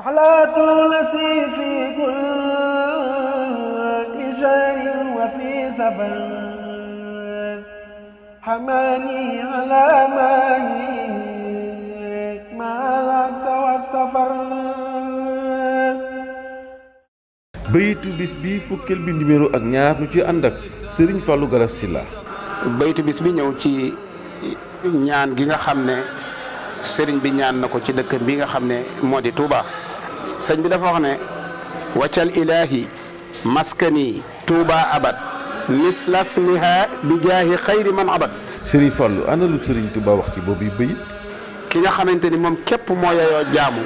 صلاة لسي في كل شهر وفي سفر حماني على ماني مع العبس والسفر bayitu bis bi fukkeel bi numéro ak ñaar ñu ci ànd ak Serigne Fallou Garas Sylla bayitu bis bi ñëw ci ñaan gi nga xam ne sëriñ bi ñaan na ko ci dëkk bi nga xam ne moo di Touba. sëñ bi dafa wax ne waccal ilaahi maskani tuuba abad mislasmiha bi jaahi xayri man abad sëriñ Fallu ana lu sëriñ Tuuba wax ci boobu bayit ki nga xamante ni moom képp moo yeyoo jaamu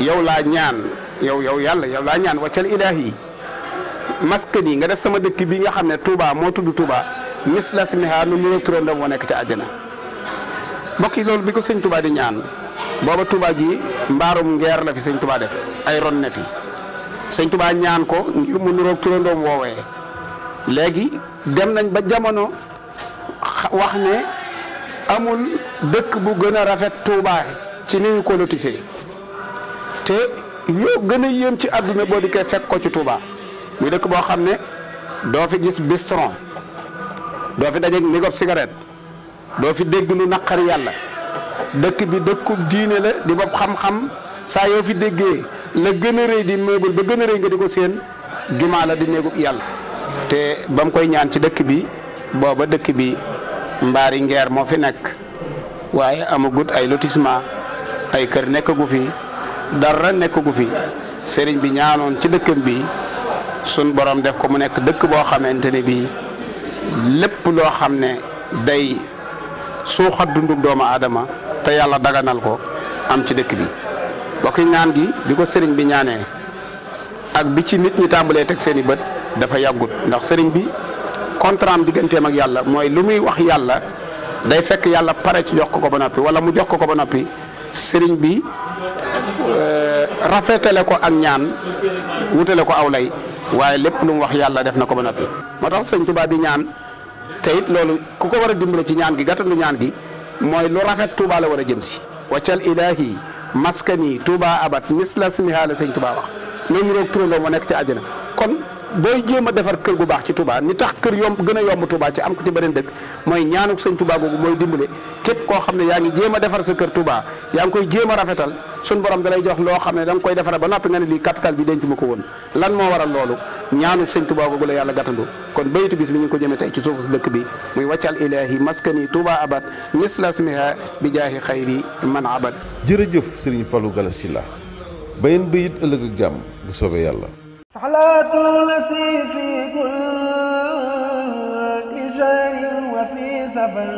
yow laa ñaan yow yow yàlla yow laa ñaan waccal ilaahi maskani nga def sama dëkk bi nga xam ne Touba moo tudd Touba mislasmiha lu mu turóon da moo nekk ca àjjana mbokk yi loolu bi ko sëñ Touba di ñaan booba Touba gi mbaarum ngeer la fi sëñ tubaa def ay ron ne fi sëñ tubaa ñaan ko ngir mu nuroog turandoom woowee léegi dem nañ ba jamono wax ne amul dëkk bu gën a rafet tuubaa ci ni ñu ko lotisee te yoo gën a yéem ci àdduna boo dikkee fekk ko ci tuubaa muy dëkk boo xam ne doo fi gis bistoron doo fi dajeeg négob cigarette doo fi dégg lu naqar yàlla dëkk bi dëkkub diine la di bopp xam-xam saa yoo fi déggee la gën a di meebul ba gën a rëy nga di ko seen jumaa la di néegub yàlla te ba mu koy ñaan ci dëkk bi booba dëkk bi mbaari ngeer moo fi nekk waaye amagut ay lotissement ay kër nekkagu fi dara nekkagu fi sëriñ bi ñaanoon ci dëkkam bi sun borom def ko mu nekk dëkk boo xamante ne bi lépp loo xam ne day suuxat dundub doomu aadama te yalla daganal ko am ci dekk bi bokki ñaan gi diko serigne bi ñaané ak bi ci nit ñi tambalé tek seeni dafa yagut ndax serigne bi contrat am digganteem ak yalla moy lu muy wax yalla day fekk yalla pare ci jox ko ko ba wala mu jox ko ko ba noppi sëriñ bi euh, rafetale ko ak ñaan wutalé ko awlay waye lepp lu wax yalla def na ko ba noppi moo tax sëñ ñaan tayit lolu kuko wara dimbalé ci ñaan gi ñaan gi mooy loo rafet Touba la war a jëm si waccal ilaahi maskani Touba abat misla simiha la sëñ Touba wax même roog turandoo moo nekk ci àjjana kon boy jema defar keur gu bax ci Touba ni tax keur yom gëna yom Touba ci am ko ci benen dekk moy ñaanu sëñ Touba gogu moy dimbalé kep ko xamné ne yaa ngi defar sa keur Touba yaa ngi koy jema rafetal sun borom dalay jox lo xamné dang koy defara ba nopi nga ni li capital bi denc mako won lan mo waral lolu ñaanu sëñ Touba gogu la yalla gàttandu kon beytu bis mi ñu ngi ko jëme tay ci sofu si dëkk bi muy waccal ilahi maskani Touba abad misla smiha bi jahi khairi man abad jërëjëf Serigne Fallou Galassila bayen bayit ëllëg ak jam bu sobe yalla صلاة النسي في كل شهر وفي سفر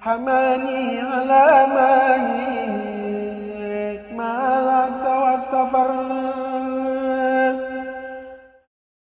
حماني على ماني مع لبس والسفر